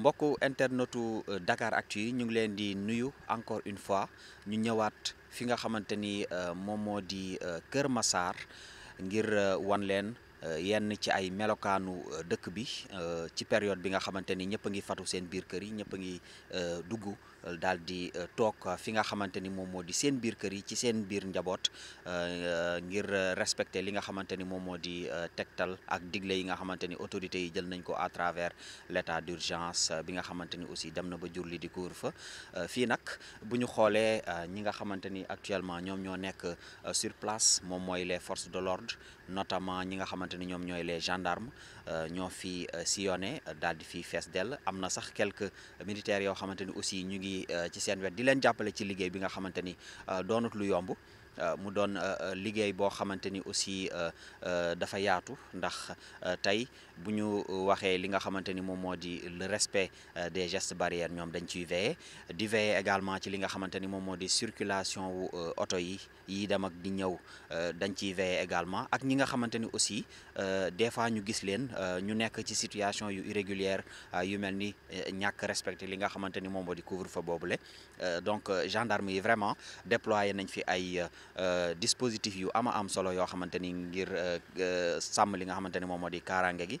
mbokk internetu euh, Dakaractu yi ñu ngi leen di nuyu encore une fois ñu ñëwaat fi nga xamante ni euh, moom di euh, Kër masaar ngir wan leen Eh, yenn ci ay melokanu eh, dekk bi eh, ci période bi nga xamanteni ñepp ngi fatu seen biir kër yi ñepp ngi duggu daal di fi nga xamanteni mom modi seen biir kër yi ci seen biir njabot ngir respecter li nga xamanteni mom modi tektal di ak diglé yi nga xamanteni autorité yi jël nañ ko à travers l'état d'urgence bi nga xamanteni aussi dem na ba jurli di cour fa fi nak buñu xolé ñi nga xamanteni actuellement ñom ñoo nek sur place mom moy les forces de l'ordre notamment ñi nga xamante ni ñoom les gendarmes euh, ñoo fi euh, sillonné euh, daal di fi fees quelques militaires yoo xamante aussi ñu ngi ci seen wet di leen jàppale ci liggéey bi nga lu yomb mu aussi dafa yaatu ndax bu ñu euh, li nga xamante ni le respect euh, des gestes barrières ñom dañ ci veiller di veiller également ci li nga xamante mom modi circulation auto euh, yi yi dem ak di ñew dañ ci veiller également ak ñi nga xamante aussi des fois ñu gis leen ñu nekk ci situation yu irrégulière yu melni ni ñàkk respecté li nga xamante mom modi couvre-feu boobule donc gendarme yi vraiment déployé nañ fi ay dispositif yu ama am solo yo xamante ngir sam li nga xamante mom modi karangé gi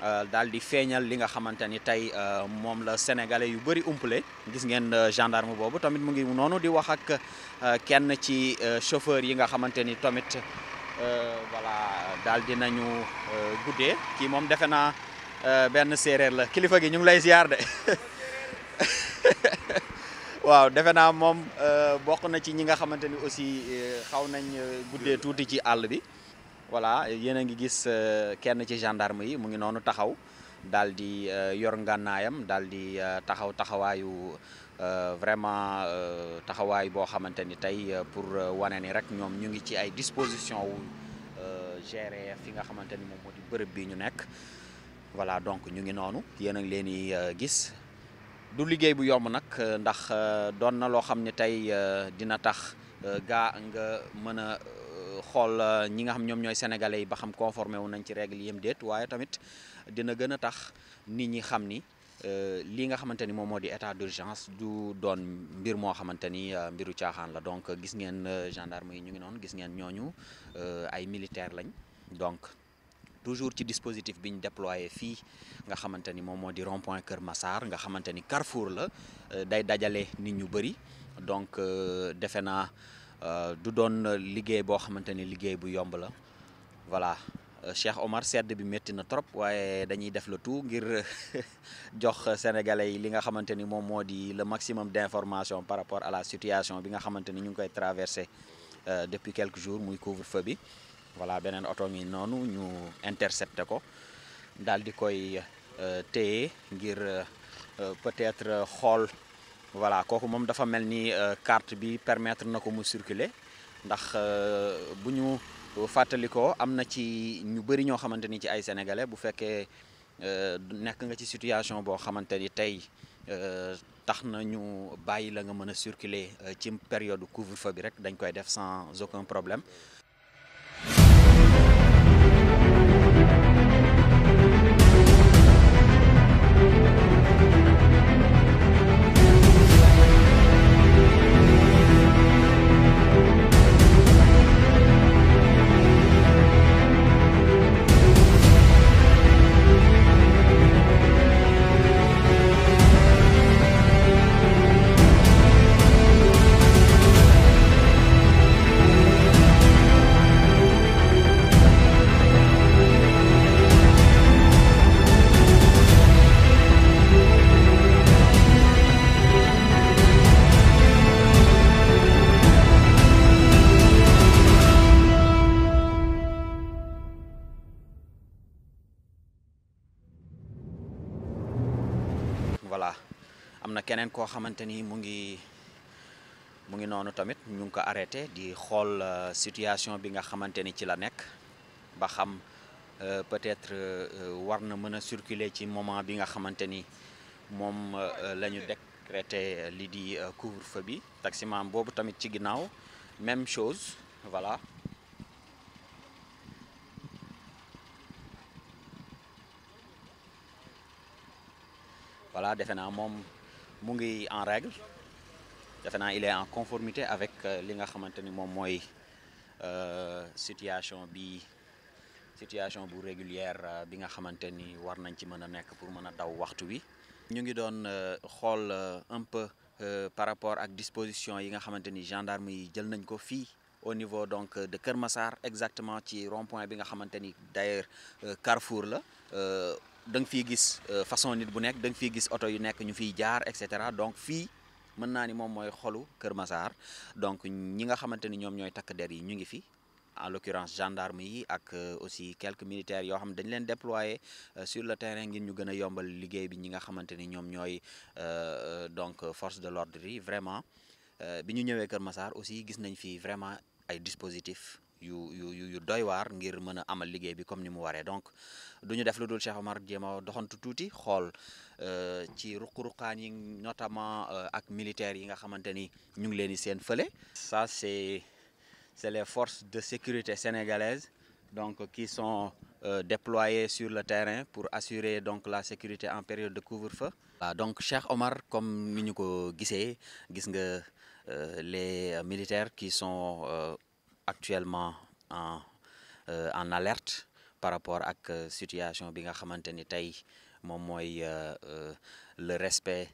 Euh, daal di feeñal li nga xamante ni tey euh, moom la sénégalais yu bëri umpale gis ngeen euh, gendarme boobu tamit mu ngi noonu di wax ak kenn ci chauffeur yi nga xamante ni tamit voilà daal di nañu guddee kii moom defe naa benn séeréer la kilifa gi ñu ngi lay ziar waaw defe naa moom bokk na ci ñi nga xamante ni aussi xaw nañ guddee tuuti ci àll bi. voilà yéen a ngi gis euh, kenn ci gendarme yi mu ngi noonu taxaw daal di euh, yor ngànnaayam daal di euh, taxaw taxawaayu vraiment taxawaay boo xamante ni tey pour wane nii rek ñoom ñu ngi ci ay disposition wu gérer fi nga xamante ni moom moo di bërëb bi ñu nekk voilà donc ñu ngi noonu yéen a ngi leen di gis du liggéey bu yomb nag ndax doon na loo xam ne tey dina tax gaa nga mën a xool euh, ñi nga xam ñoom ñooy sénégalais yi ba xam conformé wu nañ ci règle yem déet waaye tamit dina gën a tax nit ñi xam ni euh, lii nga xamante ni moom moo di état d'urgence du doon mbir moo xamante ni euh, mbiru caaxaan la donc gis ngeen gendarme yi ñu ngi noon gis ngeen ñooñu ay militaire lañ donc toujours ci dispositif bi ñu déployé fii nga xamante ni moom moo di rond point Kër masaar nga xamante ni Carrefour la day dajale nit ñu bëri donc defe naa Euh, du doon euh, liggéey boo xamante ni liggéey bu yomb la voilà euh, Cheikh Omar sedd bi métti na trop waaye dañuy def le tout ngir jox sénégalais yi li nga xamante ni moom moo di le maximum d'information par rapport à la situation bi nga xamante ni ñu ngi koy traversé depuis quelques jours muy couvre-feu bi voilà beneen oto mi noonu ñu intercepté ko daal di koy téye ngir peut-être xool voilà kooku mom dafa melni euh, carte bi permettre nako mu circuler ndax euh, buñu fataliko amna ci ñu bari ño xamanteni ci ay sénégalais bu fekkee euh, nek nga ci situation bo xamanteni tay tey tax na ñu bàyyi la nga mëna circuler ci période couvre-feu bi rek dañ koy def sans aucun problème kenen ko xamanteni mu ngi mu ngi nonu tamit ñu ko arrêté di xol euh, situation bi nga xamanteni ci la nek ba xam euh, peut-être euh, warna mëna a circuler ci moment bi nga xamanteni mom lañu décrété li di couvre-feu bi taximan bobu tamit ci même chose voilà voilà defe naa mungi en règle defe il est en conformité avec euh, li nga xamanteni mom moy euh situation bi situation bu régulière euh, bi nga xamanteni war nañ ci mëna nek pour mëna daw waxtu wi. ñu ngi doon euh, xol un peu par rapport ak disposition yi nga xamanteni gendarme yi jël nañ ko fi au niveau donc euh, de Kermassar, exactement ci rond-point bi nga xamante d'ailleurs euh, Carrefour là euh, da nga gis façon nit bu nek dang fi fiy gis oto yu nek ñu fi jaar etc donc fi mën naa ni mom moy xolu Kermassar donc ñi nga xamanteni ñom ñoy tak takk der yi ñu ngi fi en l'occurrence gendarme yi ak aussi quelques militaires yo xam dañ leen déployer sur le terrain ngir ñu gëna yombal liguey bi ñi nga xamanteni ñom ñoy donc force de l'ordre vraiment bi ñu ñëwee aussi gis nañ fi vraiment ay dispositif yu yu yu doy war ngir mën a amal liggéey bi comme ni mu waree donc duñu def lu dul Cheikh Omar jéem a doxantu tuuti xool euh, ci ruq yi notamment euh, ak militaire yi nga xamante ni ñu ngi leen di seen fële. ça c'est c'est les forces de sécurité sénégalaises donc qui sont euh, déployées sur le terrain pour assurer donc la sécurité en période de couvre-feu. donc Cheikh Omar comme ni ñu ko gisee gis nga. Euh, les euh, militaires qui sont euh, actuellement en alerte par rapport à la situation bi nga le respect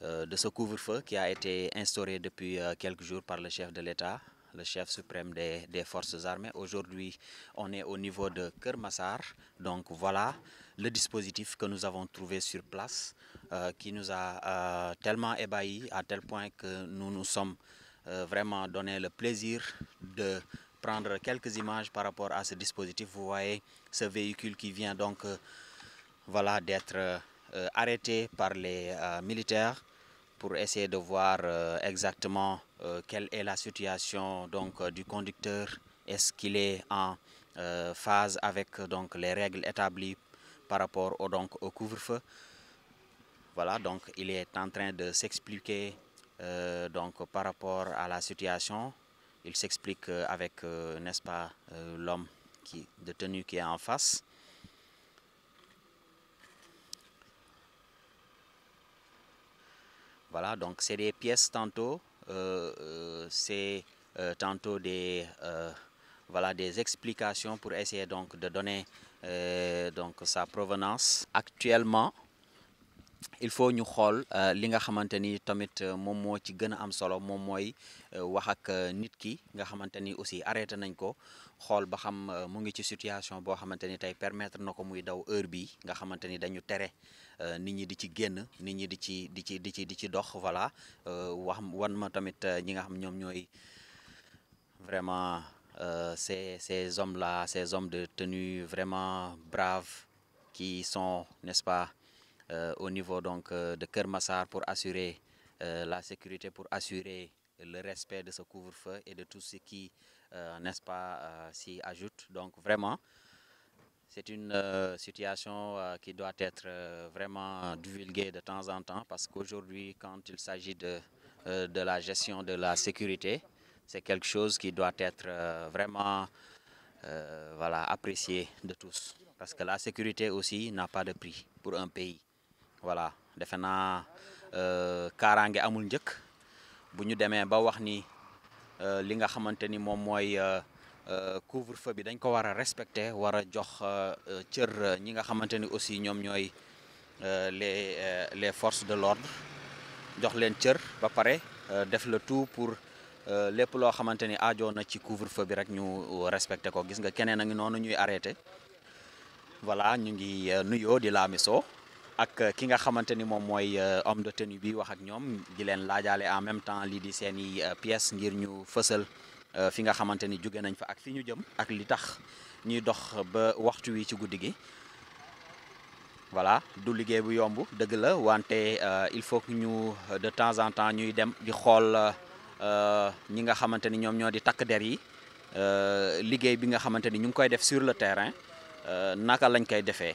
de ce couvre-feu qui a été instauré depuis quelques jours par le chef de l'État le chef suprême des, forces armées. Aujourd'hui, on est au niveau de Kermassar. Donc voilà le dispositif que nous avons trouvé sur place euh, qui nous a euh, tellement ébahis à tel point que nous nous sommes euh, vraiment donné le plaisir de prendre quelques images par rapport à ce dispositif. Vous voyez ce véhicule qui vient donc voilà d'être arrêté par les militaires pour essayer de voir euh, exactement euh, quelle est la situation donc, euh, du conducteur. Est-ce qu'il est en phase avec donc, les règles établies par rapport au, donc, au couvre-feu Voilà, donc il est en train de s'expliquer donc, par rapport à la situation. Il s'explique avec, n'est-ce pas, l'homme de tenue qui est en face. Voilà, donc c'est des pièces tantôt, euh, euh, c'est euh, tantôt des, voilà, des explications pour essayer donc de donner donc sa provenance. Actuellement, il faut ñu nous euh, li nga xamanteni tamit euh, mom mo ci gëna am solo mom moy euh, wax ak nit ki nga xamanteni aussi arrêté nañ ko ba xam ngi ci situation bo xamanteni tay permettre nako muy daw heure bi nga xamanteni dañu téré nit ñi di ci nit ñi di ci di ci voilà wax wan ma tamit ñi nga vraiment ces ces hommes là ces hommes de tenue vraiment braves qui sont n'est-ce pas euh, au niveau donc euh, de Kermassar pour assurer euh, la sécurité, pour assurer le respect de ce couvre-feu et de tout ce qui, n'est-ce pas, s'y ajoute. Donc vraiment, c'est une situation qui doit être vraiment divulguée de temps en temps parce qu'aujourd'hui, quand il s'agit de, de, la gestion de la sécurité, c'est quelque chose qui doit être vraiment voilà, apprécié de tous. Parce que la sécurité aussi n'a pas de prix pour un pays. voilà defe naa euh, kaaraange amul njëkk bu ñu demee ba wax ni euh, li nga xamante ni moom mooy euh, couvre-feu bi dañ ko war a respecter war a jox cër ñi nga xamante ni aussi ñoom ñooy les les forces de l'ordre jox leen cër ba pare def le tout pour lépp loo xamante ni aajoo na ci couvre-feu bi rek ñu respecté ko gis nga keneen a ngi noonu ñuy arrêté voilà ñu ngi nuyoo di laamisoo ak euh, ki nga xamanteni mom moy euh, homme de tenue bi wax ak ñom di len lajale en même temps li di seen i euh, ngir ñu feussel fi nga xamanteni ni nañ fa ak fi ñu jëm ak li tax ñuy dox ba waxtu wi ci guddigi voilà du liggé bu yomb deug la wante il faut que ñu de temps en temps ñuy dem di xool ñi nga xamanteni ñom ñoo di tak der yi liggé bi nga xamanteni ñu koy def sur le terrain naka lañ koy défé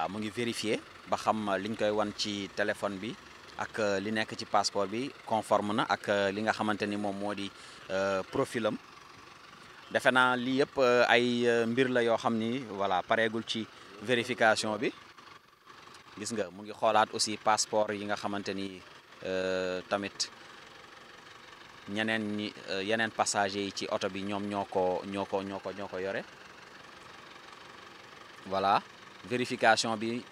voilà mu ngi vérifier ba xam liñ koy wan ci téléphone bi ak euh, li nekk ci passeport bi conforme na ak euh, li nga xamanteni mom modi euh di profil am defe naa euh, ay mbir la yo xamni ni voilà parégul ci vérification bi gis nga mu ngi xolaat aussi passeport yi nga xamanteni euh tamit ñenen yenen yeneen passager yi ci auto bi ñom ñoko ñoko ñoko ñoko yoré voilà vérification bi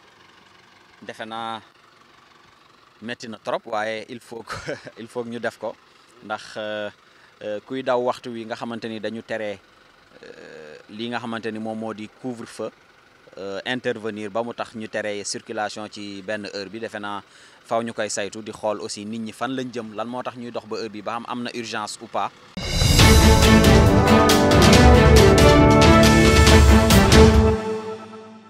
defe naa métti na trop waaye il faut que il faut ñu def ko ndax euh, kuy daw waxtu wi nga xamante ni dañu tere euh, lii nga xamante ni moom moo di couvre-feu euh, intervenir ba mu tax ñu tere circulation ci benn heure bi defe naa faw ñu koy saytu di xool aussi nit ñi fan lañ jëm lan moo tax ñuy dox ba heure bi ba xam am na urgence ou pas